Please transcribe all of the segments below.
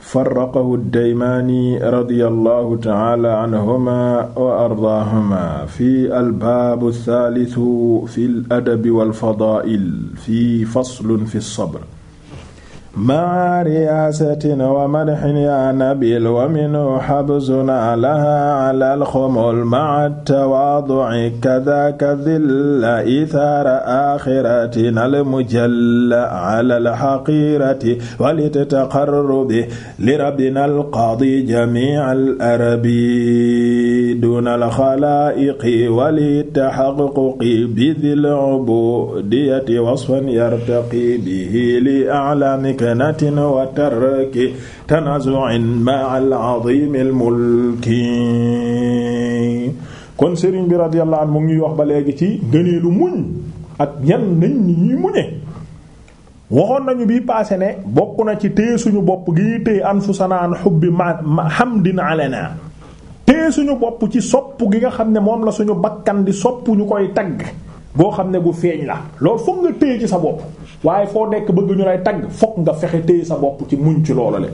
farraqahu ddaymaani radiyallahu ta'ala anhuma wa ardaahuma fi albaabu thaalithu fi l adabi wal fadaa'il fi faslun fi sabr maa riyaasatin wa madxin yaa nabil wa minhu xabsuna laha ala alxumul maa tawaaduci kadaaka dilla ithaara axiratina almujalla ala alxaqiirati walitaqarrubi lirabbina alqaadi jamiica alarabi duna alxalaaiqi walitaxaquqi bi dil ubudiyati wasfan yartaqi bihi li alami kanatin wa tarki tanazuin ma alazim almulki kon sëriñ bi radiyallahu mu ngi wax ba léegi ci gëneelu muñ ak yan nañ ni ñuy muñe waxoon nañu bii paase ne bokk na ci téye suñu bopp gi téye anfusana an hubbi ma hamdin alana tee suñu bopp ci sopp gi nga xam ne moom la suñu bakkan di sopp ñu koy tagg goo xam ne gu feeñ la loolu foog nga téye ci sa bopp waaye foo nekk bëgg ñu lay tagg foog nga fexe téye sa bopp ci muñ ci loolu le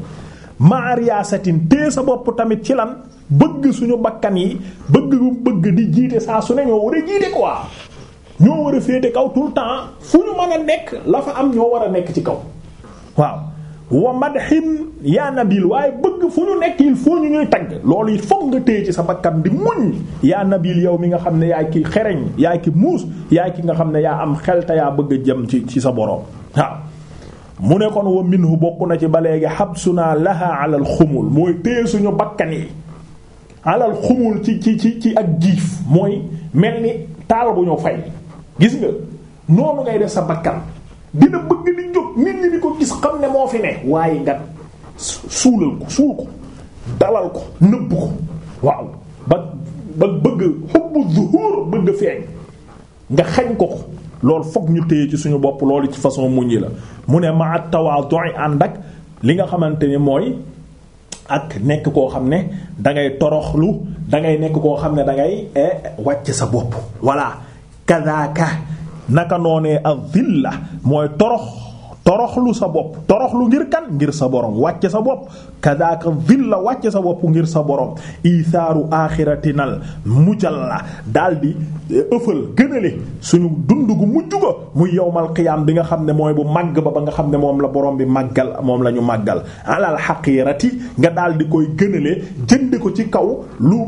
maariyasatin téye sa bopp tamit ci lan bëgg suñu bakkan yi bëgg bu bëgg di jiite saa su ne ñoo war a jiite quoi ñoo war a féete kaw tout le temps fu ñu mën a nekk la fa am ñoo war a nekk ci kaw waaw wa madhin yaa nabil waaye bëgg fu ñu nekk il faut ñu ñuy tagg loolu it foog nga téye ci sa bakkan di muñ yaa nabil yow mi nga xam ne yaay ki xereñ yaay ki muus yaay ki nga xam ne yaa am xel yaa bëgg jëm ci ci sa boroom mu ne kon wa wu bokk na ci ba léegi habsuna laha alal xumul mooy téye suñu bakkan yi alal xumul ci ci ci ci ak giif mooy mel ni taal bu ñu fay gis nga noonu ngay def sa bakkan dina bëgg di jóg nit ñi di ko gis xam ne moo fi ne waaye nga suulal ko suul ko dalal ko nëbb ko waaw ba ba bëgg xubbu zuhur bëgg feeñ nga xañ ko ko loolu foog ñu téye ci suñu bopp loolu ci façon muñ yi la mu ne ma tawaadoi ànd ak li nga xamante ni mooy ak nekk koo xam ne dangay toroxlu dangay nekk koo xam ne dangay eh, wàcc sa bopp voilà kadaaka naka noonee azilla mooy torox toroxlu sa bopp toroxlu ngir kan ngir sa borom wàcce sa bopp kadaka zilla wàcce sa bopp ngir sa borom isaaru axiratinal mujalla daldi eh, ëffal gënale suñu dund gu mujj ga muy yowmal qiyaam bi nga xam ne mooy bu màgg ba ba nga xam ne moom la borom bi màggal moom la ñu màggal alal xaqirati nga daldi koy gënale jënd ko ci kaw lu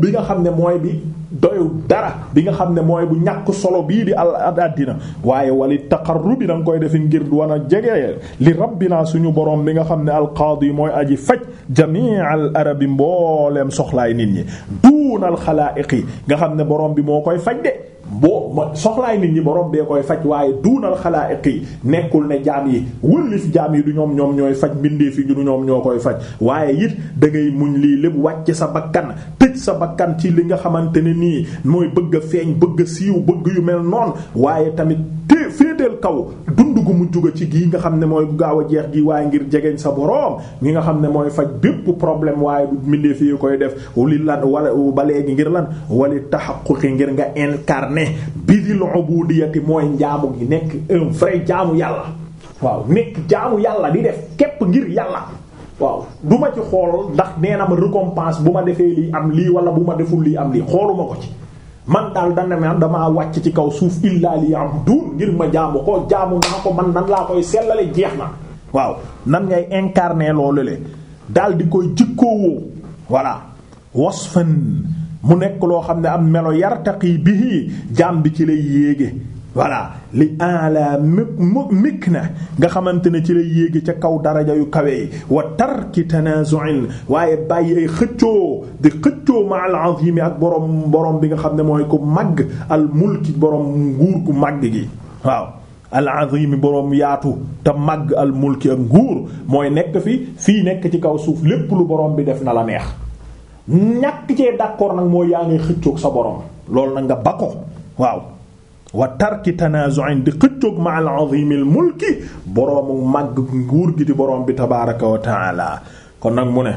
bi nga xam ne mooy bi doyu dara bi nga xam ne mooy bu ñàkk solo bii di al àddina waaye wali taqarrubi da nga koy defi ngir wan a jege li rabbina suñu borom bi nga xam ne alqaadi mooy aji faj jami'al arabi mbooleem soxlaay nit ñi duunal xalaa'iqi nga xam ne borom bi moo koy faj de boo soxlaay nit ñi borom bee koy faj waaye duunal xalaa'iq yi nekkul ne jaam yi wëllif jaam yi du ñoom ñoom ñooy faj mbindeef yi du ñoom ñoo koy faj waaye it da ngay muñ lii lépp wàcc sa bakkan tëj sa bakkan ci li nga xamante ne nii mooy bëgg a feeñ bëgg a siiw bëgg yu mel noon waaye tamit te féeteel kaw. gu mujj ga ci gii nga xam ne mooy gaaw a jeex gi waaye ngir jegeeñ sa boroom gi nga xam ne mooy faj bépp problème waaye du mbindeef yi koy def li lan wala ba léegi ngir lan wali taxaquqi ngir nga incarner bidil ubudiyati mooy njaamu gi nekk un vrai jaamu yàlla waaw nekk jaamu yàlla di def képp ngir yàlla waaw du ma ci xool ndax nee na ma bu ma defee lii am lii wala bu ma deful lii am lii xooluma ko ci man daal dana ma damaa wàcc ci kaw suuf illaa li ya'budun ngir ma jaamu ko jaamu naa ko man nan laa koy sellale jeex na waaw nan ngay incarner loolu le daal di koy jikkoowoo voilà wasfan mu nekk loo xam ne am melo bi bihi jaam bi ci lay yéege voilà li ala mik na nga xamante ne ci lay yéegi ca kaw daraja yu kawe wa tarki tanazu'in waaye bàyyi ay xëccoo di xëccoo ma al mi ak borom borom bi nga xam ne mooy ko màgg al borom nguur ku màgg gi waaw. al azimi borom yaatu te màgg al mulki ak nguur mooy nekk fi fii nekk ci kaw suuf lépp lu borom bi def na la neex ñàkk cee d'accord nag mooy yaa ngay xëccoog sa borom loolu nag nga ba ko waaw. wa tarki tanaazu'in di xëccoog ma al azimil mulki boroomu màgg nguur gi di boroom bi tabaaraka wa taala kon nag mu ne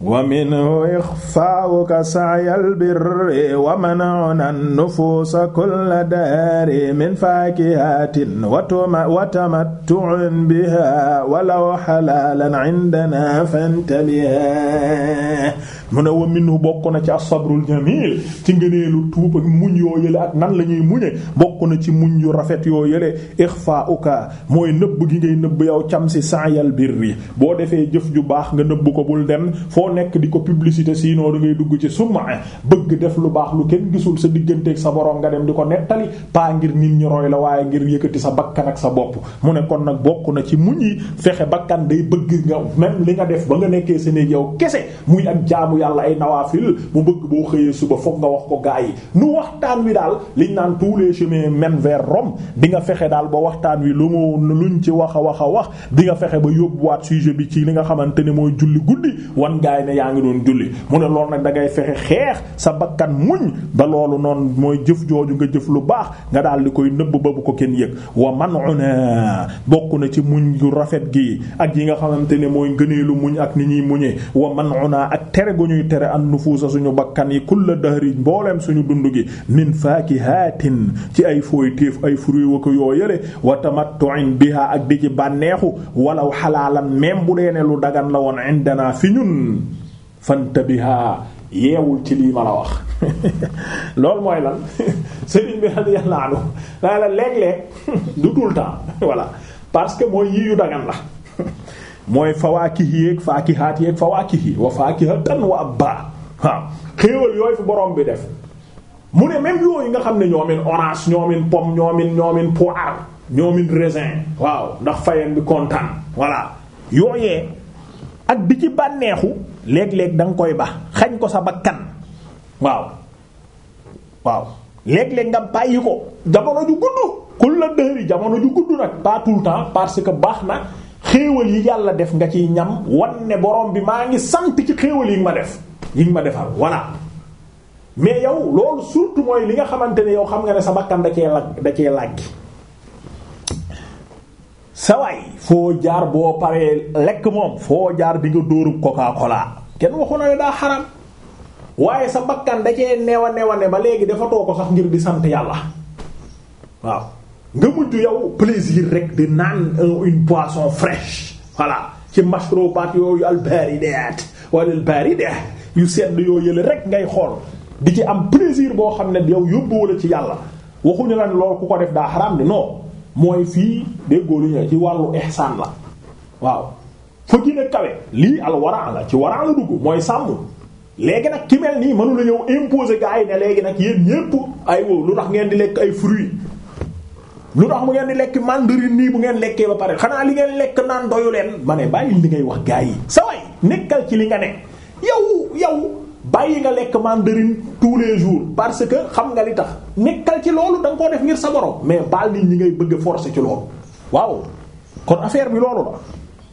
wa minhu ixfaawuka sa'yal birri wa man'un an-nufuusa kulla daari min faakihatin wa tamattu'un biha walaw halaalan 'indana fantabiha mu ne wa minhu bokk na ci as-sabrul jamiil ci ngëneelu tuub ak muñ yoo yële ak nan lañuy muñe bokk na ci muñ yu rafet yoo yële ixfaa'uka mooy nëbb gi ngay nëbb yow cam si sa'yal birri boo defee jëf ju baax nga nëbb ko bul dem foo nekk di ko publicité sinon da ngay dugg ci sum'a bëgg def lu baax lu kenn gisul sa digganteeg sa borom nga dem di ko nettali paa ngir nit ñi roy la waaye ngir yëkkati sa bakkan sa bopp mu ne kon nag bokk na ci muñ yi fexe bakkan day bëgg nga même li nga def ba nga nekkee sa néeg yow kese muy ak jaamu yàlla ay nawaafil mu bëgg boo xëyee suba fokk nga wax ko gaa yi nu waxtaan wi daal liñ naan tous les même ver Rome di nga fexe daal ba waxtaan wi lu mu luñ ci wax a wax a wax di fexe ba yóbbuwaat sujet bi ci li nga xamante ne mooy julli guddi wan gaay ne yaa ngi doon julli mu ne loolu nag da ngay fexe xeex sa bakkan muñ ba loolu noon mooy jëf jooju nga jëf lu baax nga daal di koy nëbb ba bu ko kenn yëg wa manuna bokk na ci muñ gu rafet gi ak yi nga xamante ne mooy ngëneelu muñ ak ni ñuy muñee wa manuna ak tere gu ñuy tere an nufuusa suñu bakkan yi kulla dahri mbooleem suñu dund gi min ay fooy téef ay fruits wa ko yoo yële wa biha ak di ci bànneexu walaw xalaalan même bu dee ne lu dagan la woon indana fi ñun fantabiha yeewul ci lii ma la wax loolu mooy lan sëriñ bi radiyallahu anhu la léeg-léeg du tout temps voilà parce que mooy yi yu dagan la mooy fawaakih yeeg faakihaat yeeg fawaakih wa faakihatan wa abba waaw xéewal yooyu fi borom bi def mu ne même yooyu nga xam ne ñoomin orange ñoomin pomme ñoomin ñoomin poire ñoomin raisin waaw ndax fayen bi kontaan voilà yooyee ak bi ci bànneexu léeg-léeg da nga koy ba xañ ko sa bakkan waaw waaw léeg-léeg nga bàyyi ko jamono ju gudd kul la dëhëri jamono ju gudd nag pas temps parce que baax na xéewal yi yàlla def nga ci ñam wan ne borom bi maa ngi sant ci xéewal yi nga ma def yi nga ma defal voilà mais yow loolu surtout mooy li nga xamante ne yow xam nga ne sa bakkan da cee lag da cee laggi sa foo jaar boo paree lekk moom foo jaar bi nga dóorub Coca-Cola kenn waxu na ne daa xaram waaye sa bakkan da newa newa ne ba léegi dafa ko sax ngir di sant yàlla waaw nga mujj yow plaisir rek di naan une poisson fraîche voilà ci mashrobat yooyu al baridat wala al barida yu sedd yoo yële rek ngay xool di ci am plaisir boo xam ne yow yóbbuwu la ci yàlla waxuñu la ne loolu ku ko def daa xaraam de non mooy fii déggoo lu ñu ci wàllu ihsaan la waaw fa gën a kawe lii al wara la ci wara la dugg mooy sàmm léegi nag ki mel nii mënu la ñëw imposer gars yi ne léegi nag yéen ñépp ay wow lu tax ngeen di lekk ay fruits lu tax mu ngeen di lekk mandarine nii bu ngeen lekkee ba pare xanaa li ngeen lekk naan doyu leen ma ne bàyyi li ngay wax gaa yi. sa way nekkal ci li nga ne yow yow. bàyyi nga lekk mandarine tous les jours parce que xam nga li tax nekkal ci loolu da koo def ngir sa borom mais baal nit ñi ngay bëgg a ci loolu waaw kon affaire bi loolu la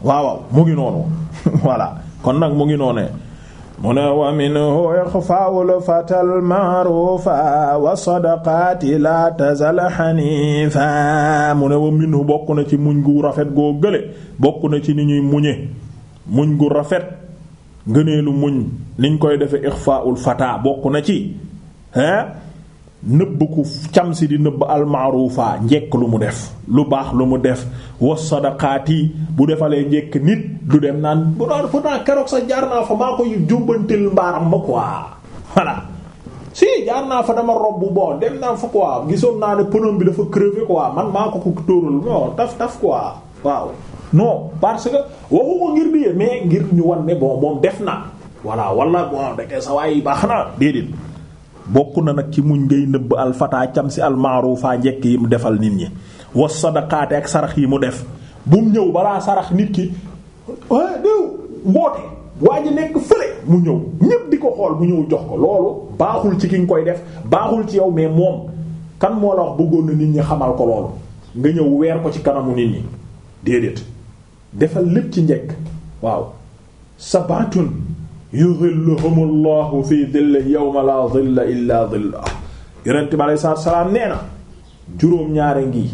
waaw waaw mu ngi noonu voilà kon nag mu ngi noonee mu ne wa minhu ixfaawul fatal maaruufa wa sadaqaati la tazal xaniifa mu ne wa minhu bokk na ci muñ gu rafet goo gële bokk na ci ni ñuy muñe muñ gu rafet ngëneelu muñ liñ koy defe ixfaul fata bokk na ci hein nëbb ku cam si di nëbb almaarufa njekk lu mu def lu baax lu mu def was sadaqaati bu defalee njekk nit du dem naan bu doon pourtant keroog sa jaar naa fa maa koy jumbantil mbaaram ma quoi voilà si jaar naa fa dama robb bon dem naa fa quoi gisoon naa ne pneu bi dafa crevé quoi man maa ko ko tóoral non taf taf quoi waaw non parce que waxu ko ngir bi mais ngir ñu wan ne boo moom def na voilà wala bon deke sa waay baax na déedéet bokk na nag ci muñ ngay nëbb al fataa cam si al maaruufaa njekk yi mu defal nit ñi was sadaqaate ak sarax yi mu def bu mu ñëw balaa sarax nit ki mboote eh, waa ji nekk fële mu ñëw ñépp di ko xool mu ñëw jox ko loolu baaxul ci ki nga koy def baaxul ci yow mais moom kan moo la wax bëggoon na nit ñi xamal ko loolu nga ñëw weer ko ci kanamu nit ñi déedéet defal lépp ci njekk waaw sabatun yudilluhum allahu fi dilli yawma la dilla illa dilla yonent bi aleyhi salaam nee na juróom-ñaare ngi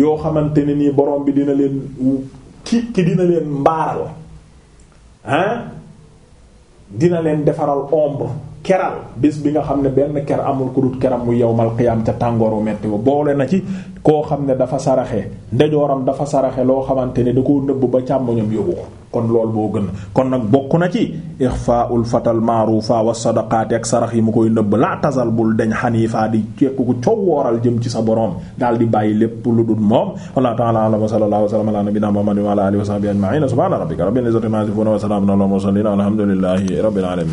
yoo xamante ne nii borom bi dina leen ki dina leen mbaaral hein dina leen defaral ombre keral bis bi nga xam ne benn ker amul ku dut keram mu yowmal qiyaam ca tàngooru metti ba boole na ci koo xam ne dafa saraxe ndejooram dafa saraxe loo xamante ne da koo nëbb ba càmmoñam yóbbu ko kon lool boo gën kon nag bokk na ci ixfaul fatal maarufa wa sadaqaati ak sarax yi mu koy nëbb laa tasal bul deñ xaniifa di cekku ku coow wooral jëm ci sa boroom daal di bàyyi lépp lu dul moom wallahu ta'ala a'lam wa wa sallama ala nabiyyina muhammadin wa ala alihi wa sahbihi ajma'in subhana rabbika rabbil izzati amma wa salamun ala al mursalin